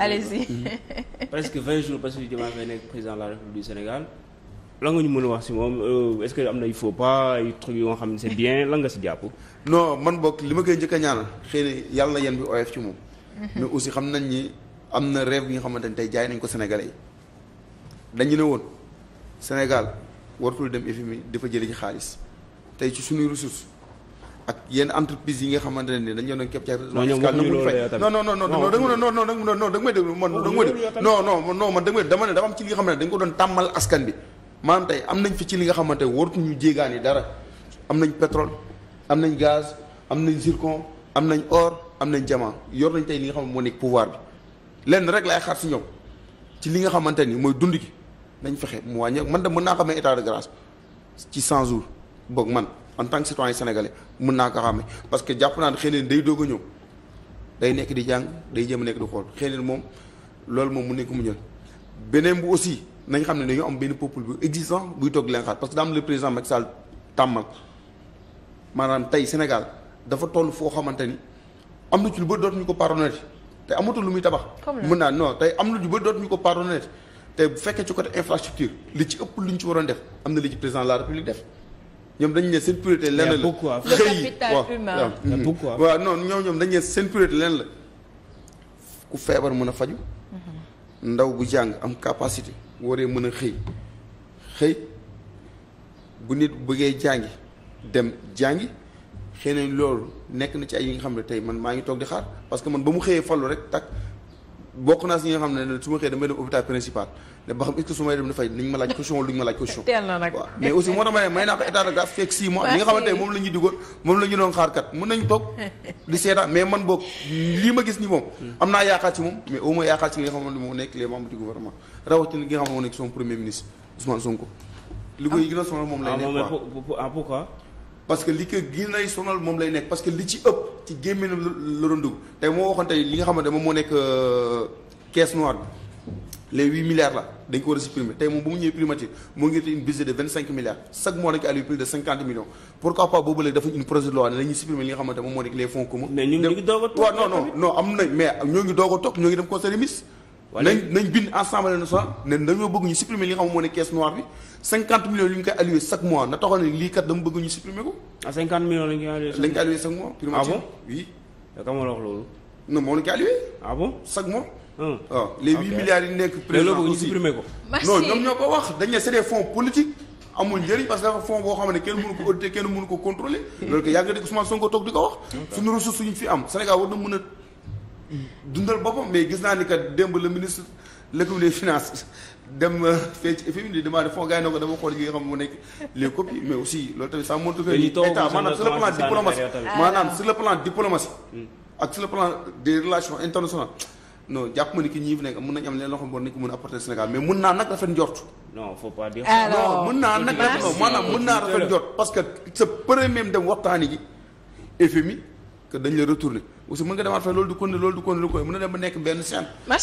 allez-y mhm. presque vingt jours parce que Diomaye Faye nekk président de la République du Sénégal lan nga ñu mën a wax si moom euh, est-ce que am na il faut pas ay trucs yoo xam ne c'est bien lan nga si jàpp. non man bokk li ma koy njëkk a ñaanal xëy na yàlla na yéen bi oyof ci moom. Mhm. mais aussi xam nañ ni am na rêve yi nga xamante ne tey jaay nañ ko Sénégalais yi dañu ne woon Sénégal wartul dem FMI dafa jëlee ci xaalis tey ci suñuy ressources. ak yenn entreprise yi nga xamante ne dañu doon képp ca fiscal na mu fay non non non non non danga non non non non da nga may déglu man da nga may déglu non non non man da nga may dama ne dafa am ci li nga xamante ne dañ ko doon tàmmal askan bi maanaam tey am nañ fi ci li nga xamante ne waratuñu jéegaan yi dara am nañ pétrole am nañ gaz am nañ zircon am nañ or am nañ diamant yor nañ tey li nga xam ne moo nekk pouvoir bi lenn rek laay xaar si ñoom ci li nga xamante ni mooy dund gi nañ fexe mu wàññeeku man de mën naa xamee état de grâce ci 100 jours boog man en tant que citoyen sénégalais mën naa ko xàmme parce que jàpp naa ne xëy na day doog ñëw day nekk di jàng day jéem a nekk di xool xëy na moom loolu moom mu nekk mu ñël beneen bu aussi nañ xam ne dañoo am benn peuple bu existant buy toog leen xaar parce que daa am le président Macky Sall tey Sénégal dafa toll foo xamante ni am na ci lu bëri ñu ko pardonné te amatul lu muy tabax. mën naa non tey am na ba bëri dootuñu ko pardonné te bu fekkee ci côté infrastructure li ci ëpp lu ñu ci waroon def am na li ci président la def. ñoom dañu ne seen priorité lenn la. pourquoi xëy waaw waaw non ñoom ñoom dañu ne seen priorité lenn la ku feebar mën a faju ndaw bu jàng am capacité waree mën a xëy xëy bu nit bëggee jàngi dem jàngi xëy na loolu nekk na ci ay yi nga xam ne tey man maa ngi toog di xaar parce que man ba mu xëyee fallu rek tak bokk naa si nga xam ne su ma xëyee damay dem hôpital principal ne ba xam est-ce dem dafay nañ ma laaj caution wala duñ ma laaj caution waaw mais aussi naa ko état de fekk six mois li nga xamante moom la ñuy moom la doon xaar kat mën nañ toog di seetaan mais man boog lii ma gis ni moom am naa yaakaar ci moom mais au yaakaar ci li nekk les membres xam ne moo nekk son premier ministre Ousmane Sonko li koy gën a sonal moom lay nekk ah, quoi ah, pourquoi parce que li ko gën a sonal moom lay nekk parce que li ci ëpp ci gémmiñ la doon dugg moo waxoon li nga xamante moom moo nekk euh, caisse noire bi les huit milliards la dañ ko war a moom bu mu ñëwee primature moo ngi te une de vingt cinq milliards chaque mois dañ ko alloué de cinquante millions pourquoi pas boobu léegi dafa une projet de loi ne dañuy supprimer li nga xamante moom moo nekk les fonds communs. mais ñu ngi doog toog waaw ngi dem conseil des nañ nañ bind assemblée nationale ne dañoo bëgg ñu supprimer li nga xam moo ne caisse noire bi 50 millions li ñu koy alloué chaque mois na taxoon ne lii kat dama bëgg ñu supprimer ko. ah ñoo ko wax dañ ne c'est fonds politiques. amul njëriñ parce que dafa fond boo xam ne kenn mënu ko auditer kenn mënu ko contrôler. loolu ko yàgg na Ousmane Sonko toog di ko wax. suñu ressource yi fi am Sénégal war na mën a dundal boppam mais gis naa ni que démb le ministre l'économie des finances dem euh, fee ci FMI di demandé fonds gars ko dama xool yi nga xam mu nekk les copies mais aussi loolu tamit ça montre que état maanaam hmm. fi nekk mën nañu am leen loo xam a mais mën naa nag rafet njort. non faut pas dire. alors non naa nag rafet njort parce que sa premier dem waxtaani gi FMI ka dañ la retourner aussi mën nga demaat fay loolu du continuer loolu du continuer lu koy mën na dem ba nekk benn chaîne